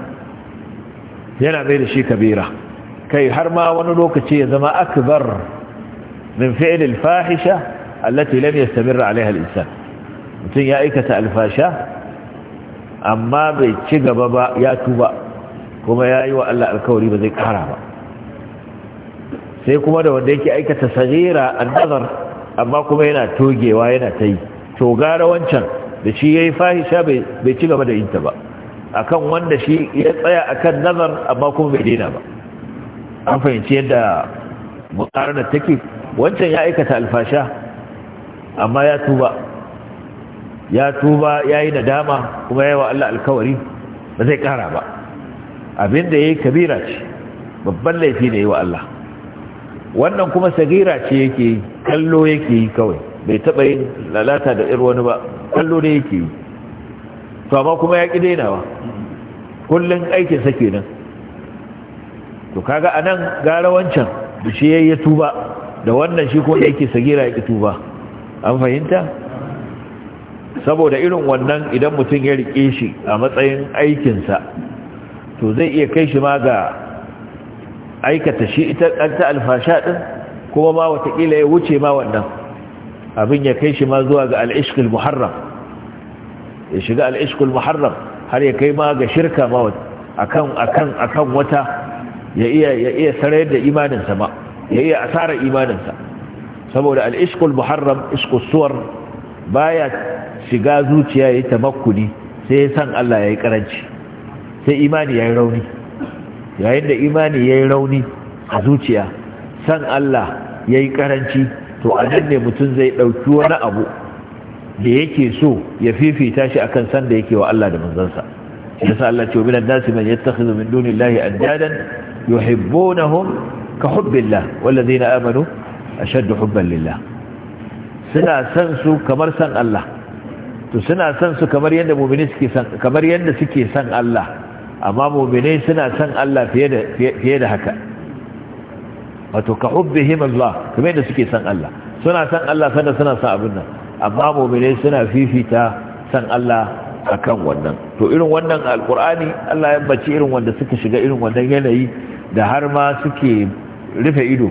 yana mai da shi kabira kai har ma wani lokaci ya zama akbar min fi'l al-fahisha allati lam yastamirra 'alayha al-insan mutum ya aikata alfasha amma bai ci gaba ba ya tuba kuma yayi wa Allah alkawari ba zai kara ba sai kuma da wanda yake aikata sagira an-nazar amma kuma yana togewa yana tai to gara wancan da shi yayi fahisha bai ci gaba da yinta ba akan wanda shi ya tsaya akan nazar amma kuma bai daina ba an fahimci yadda bukarar da take wancan ya aikata alfasha amma ya tuba ya tuba ya yi nadama kuma ya yi wa Allah alkawari ba zai kara ba abinda ya yi kabira ce babban laifi ne ya wa Allah wannan kuma sagira ce yake yi kallo yake yi kawai bai taɓa yin lalata da irin wani ba kallo ne yake yi to amma kuma ya ƙi dainawa kullum aikinsa kenan to kaga anan gara wancan da shi yayi tuba da wannan shi ko yake sagira yake tuba an fahimta saboda irin wannan idan mutum ya rike shi a matsayin aikinsa to zai iya kai shi ma ga aikata shi ita ta alfasha din kuma ma watakila ya wuce ma wannan abin ya kai shi ma zuwa ga al'ishkul muharram ya shiga al'ishkul muharram har ya kai ma ga shirka ma akan akan akan wata ya iya sarayar da imaninsa ba ya iya asara imaninsa saboda al muharram ishqus ba baya shiga zuciya yayi tamakkuli sai san Allah yayi karanci sai imani yi rauni yayin da imani yayi rauni a zuciya san Allah yayi karanci to a nan ne mutum zai ɗauki wani abu da yake so ya fifita shi akan san da yake wa Allah da manzansa yasa Allah ce wa minan nasi man yattakhidhu min dunillahi andadan yuhibbunahum ka hubbillah wallazina amanu ashaddu hubban lillah suna san su kamar san Allah to suna san su kamar yadda mu'mini suke san kamar yadda suke san Allah amma mu'mini suna san Allah fiye da fiye da haka wato ka hubbihim Allah kamar yadda suke san Allah suna san Allah sanda suna san abin nan amma mu'mini suna fifita san Allah akan wannan to irin wannan alkur'ani Allah ya bace irin wanda suka shiga irin wannan yanayi da har ma suke rufe ido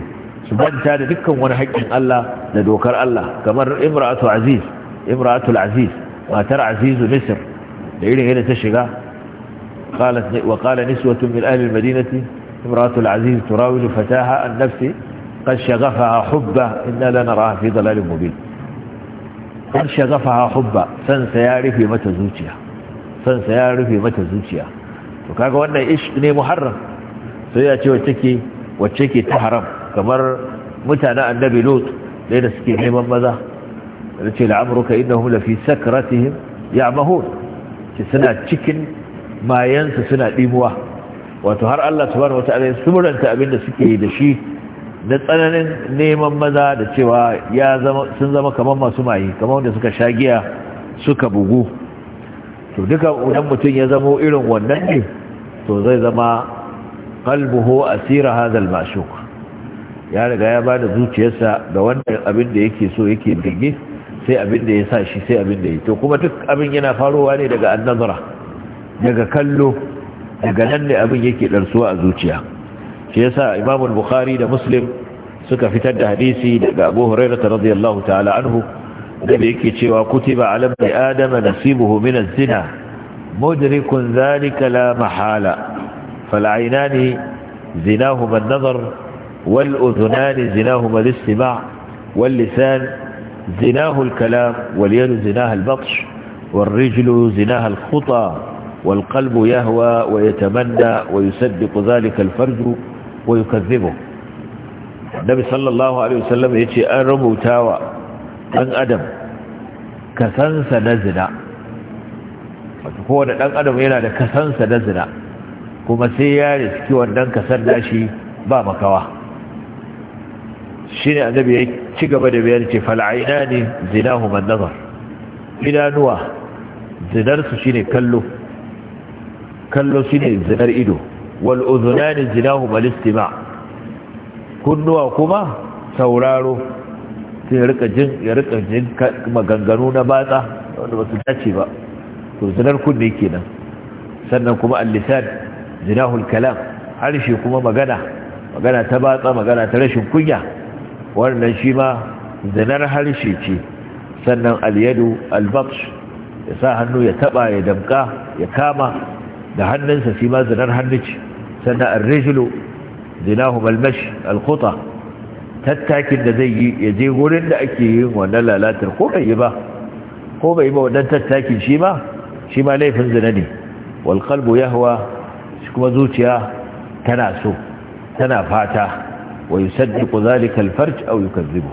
su banta da dukkan wani haƙƙin Allah da dokar Allah kamar imra'atu aziz imra'atul aziz matar azizu misr da irin yadda ta shiga قالت وقال نسوة من أهل المدينة امرأة العزيز تراود فتاها عن نفسه قد شغفها حبه إنا لنراها في ضلال مبين har shagafa hubba sansa ya rufe mata zuciya sansa ya rufe mata zuciya to kaga wannan ishq ne muharram sai ya ce wacce ke wacce ke ta haram kamar mutanen annabi lut dai da suke neman maza da ce la'amruka innahum la fi sakratihim ya'mahun ki suna cikin mayansu suna dimuwa wato har Allah subhanahu wata'ala ya suburanta abin da suke da shi da tsananin neman maza da cewa ya zama sun zama kamar masu mayi kamar wanda suka sha giya suka bugu to duka idan mutum ya zama irin wannan ne to zai zama qalbuhu asira hadha mashuq ya riga ya bada zuciyarsa ga wannan abin da yake so yake dige sai abin da ya sa shi sai abin da ya to kuma duk abin yana farowa ne daga annazara daga kallo daga nan ne abin yake ɗarsuwa a zuciya shi yasa Imam al-Bukhari da Muslim suka fitar da hadisi daga Abu Hurairah radiyallahu ta'ala anhu da yake cewa kutiba ala bi adama nasibuhu min az-zina mudrikun zalika la mahala fal'ainani zinahuma an-nazar wal udhunani zinahuma al-istima' wal lisan zinahu al-kalam wal yadu zinaha al-batsh والرجل زناها الخطى والقلب يهوى ويتمنى ويصدق ذلك الفرج wa yukazzibu nabi sallallahu alaihi wasallam yace an rubuta wa dan adam kasansa na zina wato kowane dan adam yana da kasansa na zina kuma sai ya riski wannan kasar nashi ba makawa shine annabi ya ci gaba da bayani ce fal'ainani zinahuma idanuwa zinarsu shine kallo kallo shine zinar ido wal'uzunani udhunani jinahu Malisti istima kunnuwa kuma sauraro sai rika jin ya rika jin maganganu na batsa wanda ba su dace ba to zinar kunne kenan sannan kuma al-lisan jinahu kalam harshe kuma magana magana ta batsa magana ta rashin kunya wannan shi ma zinar harshe ce sannan al-yadu al ya sa hannu ya taba ya damka ya kama da hannunsa shi ma zinar hannu ce sannan arrijilu zinahum almash alkhuta tattakin da zai yi ya je wurin da ake yin wannan lalatar ko bai yi ba ko bai ba wannan tattakin shi ma shi ma laifin zina ne wal qalbu yahwa shi kuma zuciya tana so tana fata wa yusaddiqu zalika al farj aw yukazzibu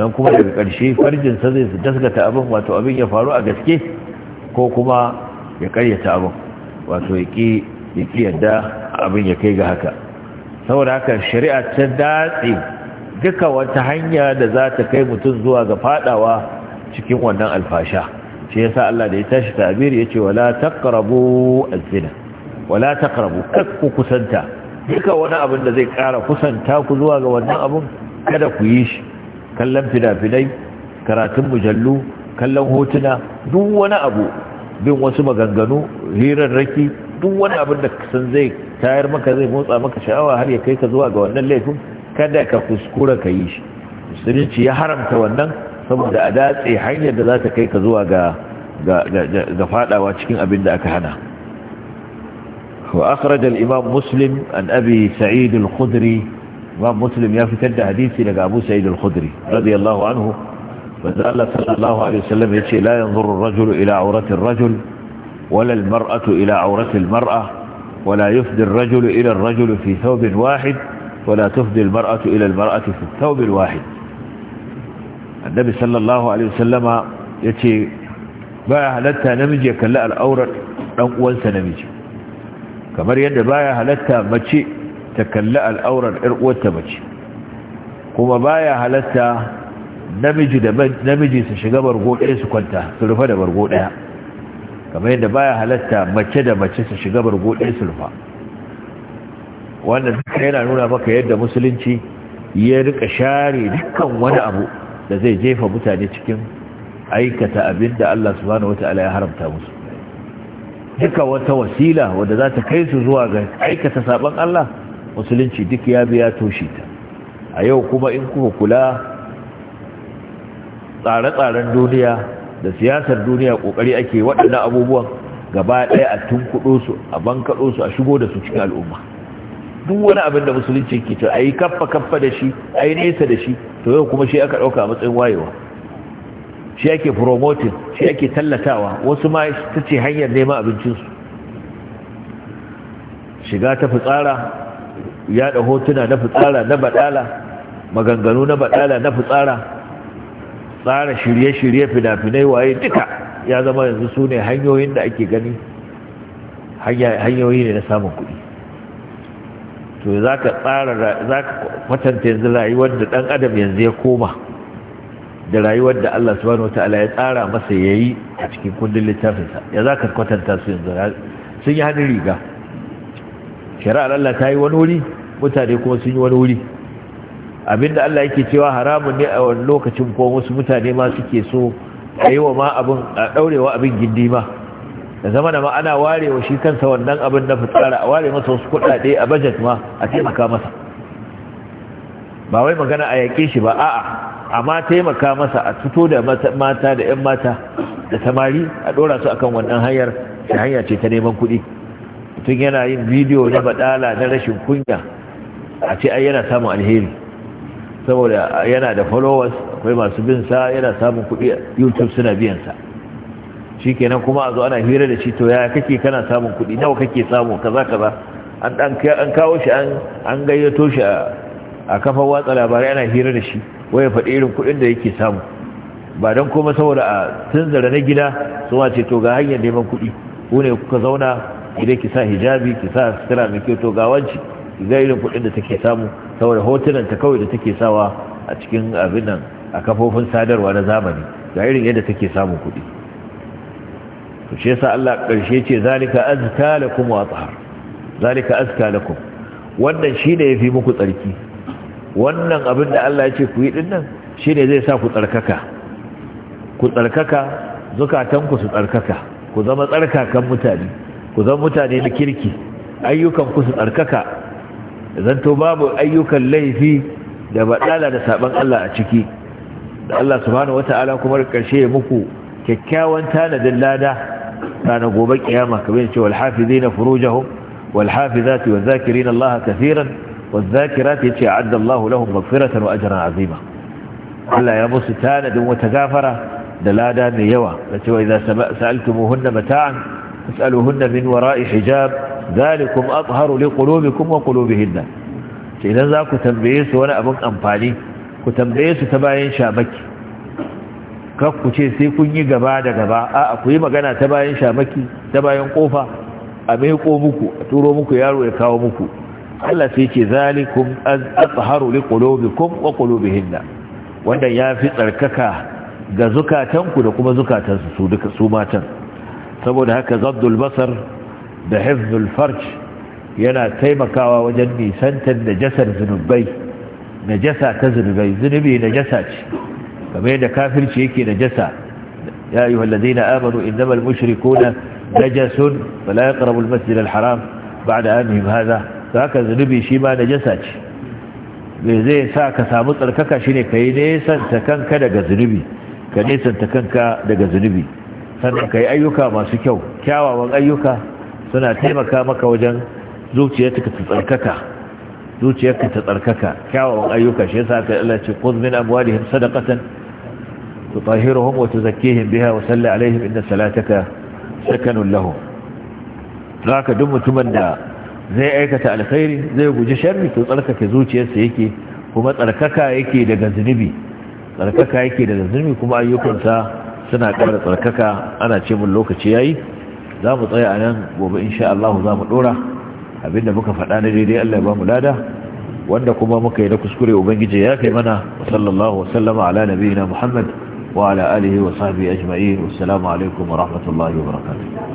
dan kuma daga karshe farjin zai dasgata abin wato abin ya faru a gaske ko kuma ya karyata abin wato yaki ya yadda abin ya kai ga haka saboda haka shari'a ta datse duka wata hanya da za ta kai mutum zuwa ga fadawa cikin wannan alfasha shi yasa Allah da ya tashi tabiri yace wala taqrabu az-zina wala taqrabu kakku kusanta duka wani abin da zai kara kusanta ku zuwa ga wannan abin kada ku yi shi kallon fina-finai karatun mujallu kallon hotuna duk wani abu bin wasu maganganu hirarraki duk wani abin da ka san zai tayar maka zai motsa maka sha'awa har ya kai ka zuwa ga wannan laifin kada ka kuskura ka yi shi musulunci ya haramta wannan saboda a datse hanyar da za ta kai ka zuwa ga ga fadawa cikin abin da aka hana wa akhraj al-imam muslim an abi sa'id al-khudri muslim ya fitar da hadisi daga abu sa'id al-khudri radiyallahu anhu wanda Allah sallallahu alaihi wasallam yace la yanzuru ar-rajulu ila auratun ar-rajul ولا المرأة إلى عورة المرأة ولا يفضي الرجل إلى الرجل في ثوب واحد ولا تفضي المرأة إلى المرأة في الثوب الواحد النبي صلى الله عليه وسلم يتي halatta namiji ya kalli al'aurar dan uwansa namiji kamar yadda baya halatta mace ta kalli al'aurar ƴar uwarta mace kuma baya halatta namiji da namiji su shiga bargo su kwanta su da bargo ɗaya kamar yadda baya halatta mace da mace su shiga bargo ɗaya sulfa wannan duka yana nuna maka yadda musulunci ya rika share dukkan wani abu da zai jefa mutane cikin aikata abin da Allah subhanahu wata'ala ya haramta musu duka wata wasila wadda za ta kai su zuwa ga aikata sabon Allah musulunci duk ya biya toshe ta a yau kuma in kuka kula tsare-tsaren duniya da siyasar duniya kokari ake waɗannan abubuwan gaba ɗaya a tunkuɗo su a bankaɗo su a shigo da su cikin al'umma duk wani abin da musulunci ke to ayi kaffa kaffa da shi ayi nesa da shi to yau kuma shi aka ɗauka a matsayin wayewa shi ake promoting shi ake tallatawa wasu ma ta ce hanyar neman abincinsu shiga ta fitsara yaɗa hotuna na fitsara na baɗala maganganu na baɗala na fitsara tsara shirye-shirye fina-finai waye duka ya zama yanzu su ne hanyoyin da ake gani hanyoyi ne na samun kuɗi to za ka tsara za ka kwatanta yanzu rayuwar da ɗan adam yanzu ya koma da rayuwar da Allah wani wataala ya tsara masa ya yi a cikin kundin littafinsa ya za ka kwatanta su yanzu sun yi hannun riga shari'ar Allah ta yi wani wuri mutane kuma sun yi wani wuri abinda Allah yake cewa haramun ne a wani lokacin ko wasu mutane ma suke so a yi wa ma abin a ɗaurewa abin gindi ma da zama da ma ana warewa shi kansa wannan abin na fitsara a ware masa wasu kuɗaɗe a bajet ma a taimaka masa ba wai magana a yaƙe shi ba a'a amma taimaka masa a fito da mata da 'yan mata da samari a ɗora su akan wannan hanyar shi hanya ce ta neman kuɗi tun yana yin bidiyo na baɗala na rashin kunya a ce ai yana samun alheri saboda yana da followers akwai masu bin sa yana samun kuɗi a youtube suna biyan sa shikenan kuma a zo ana hira da shi to ya kake kana samun kuɗi nawa kake samu kaza kaza an dan an kawo shi an an gayyato shi a kafar watsa labarai ana hira da shi waye faɗi irin kuɗin da yake samu ba dan kuma saboda a tunzara na gida su ma ce to ga hanyar neman kuɗi ku ne kuka zauna idan ki sa hijabi ki sa sutura mai kyau to ga wanci gairin irin kuɗin da take samu saboda hotunan ta kawai da take sawa a cikin abin nan a kafofin sadarwa na zamani ga irin yadda take samun kuɗi to shi yasa Allah karshe ce zalika azka lakum wa tahar zalika azka lakum wannan shine yafi muku tsarki wannan abin da Allah ya ce ku yi din nan shine zai sa ku tsarkaka ku tsarkaka ku su tsarkaka ku zama tsarkakan mutane ku zama mutane na kirki ayyukan ku su tsarkaka zanto babu ayyukan laifi da baɗala da saɓon Allah a ciki da Allah subhanahu wata'ala kuma da ƙarshe muku kyakkyawan tanadin lada ranar gobe kiyama kamar cewa alhafi zai na furu jahun walhafi za ta yi wa zakiri kafiran wa zakira ta ce a adda Allah lahun magfiratan wa ajiyar azima Allah ya musu tanadin wata gafara da lada mai yawa da cewa idan sa'altu muhunna mata'an sa'alu hunna min wara'i hijab zalikum azharu liqulubikum wa qulubihinna idan za ku tambaye su wani abin amfani ku tambaye su ta bayan shamaki kar ku ce sai kun yi gaba da gaba a ku yi magana ta bayan shamaki ta bayan kofa a meko muku a turo muku yaro ya kawo muku Allah sai ce zalikum azharu liqulubikum wa qulubihinna wanda ya fi tsarkaka ga zukatanku da kuma zukatansu su duka su matan saboda haka zaddul basar da hifzul farj yana taimakawa wajen nisantar najasar zunubai najasa ta zunubai zunubi jasa ce kamar yadda kafirci yake najasa ya na ladina amanu innamal na najasun fala yaqrabu al-masjid al-haram ba'da anhum hadha haka zunubi shi ma najasa ce me zai sa ka samu tsarkaka shine yi nesanta kanka daga zunubi ka nesanta kanka daga zunubi sannan kai ayyuka masu kyau kyawawan ayyuka suna taimaka maka wajen zuciyarka ta tsarkaka zuciyarka ta tsarkaka kyawawan ayyuka shi yasa ka Allah ce khudh min amwalihim sadaqatan tutahhiruhum wa tuzakkihim biha wa salli alaihim inna salataka sakanun lahum haka duk mutumin da zai aikata alkhairi zai guji sharri to tsarkake zuciyarsa yake kuma tsarkaka yake daga zunubi tsarkaka yake daga zunubi kuma ayyukansa suna ƙara tsarkaka ana ce mun lokaci yayi za mu tsaya a nan gobe insha Allah za mu dora abinda muka faɗa na daidai Allah ya ba mu lada wanda kuma muka yi na kuskure ubangiji ya kai mana wa sallallahu wa sallama ala nabiyina Muhammad wa ala alihi wa sahbihi ajma'in wassalamu alaikum wa rahmatullahi wa barakatuh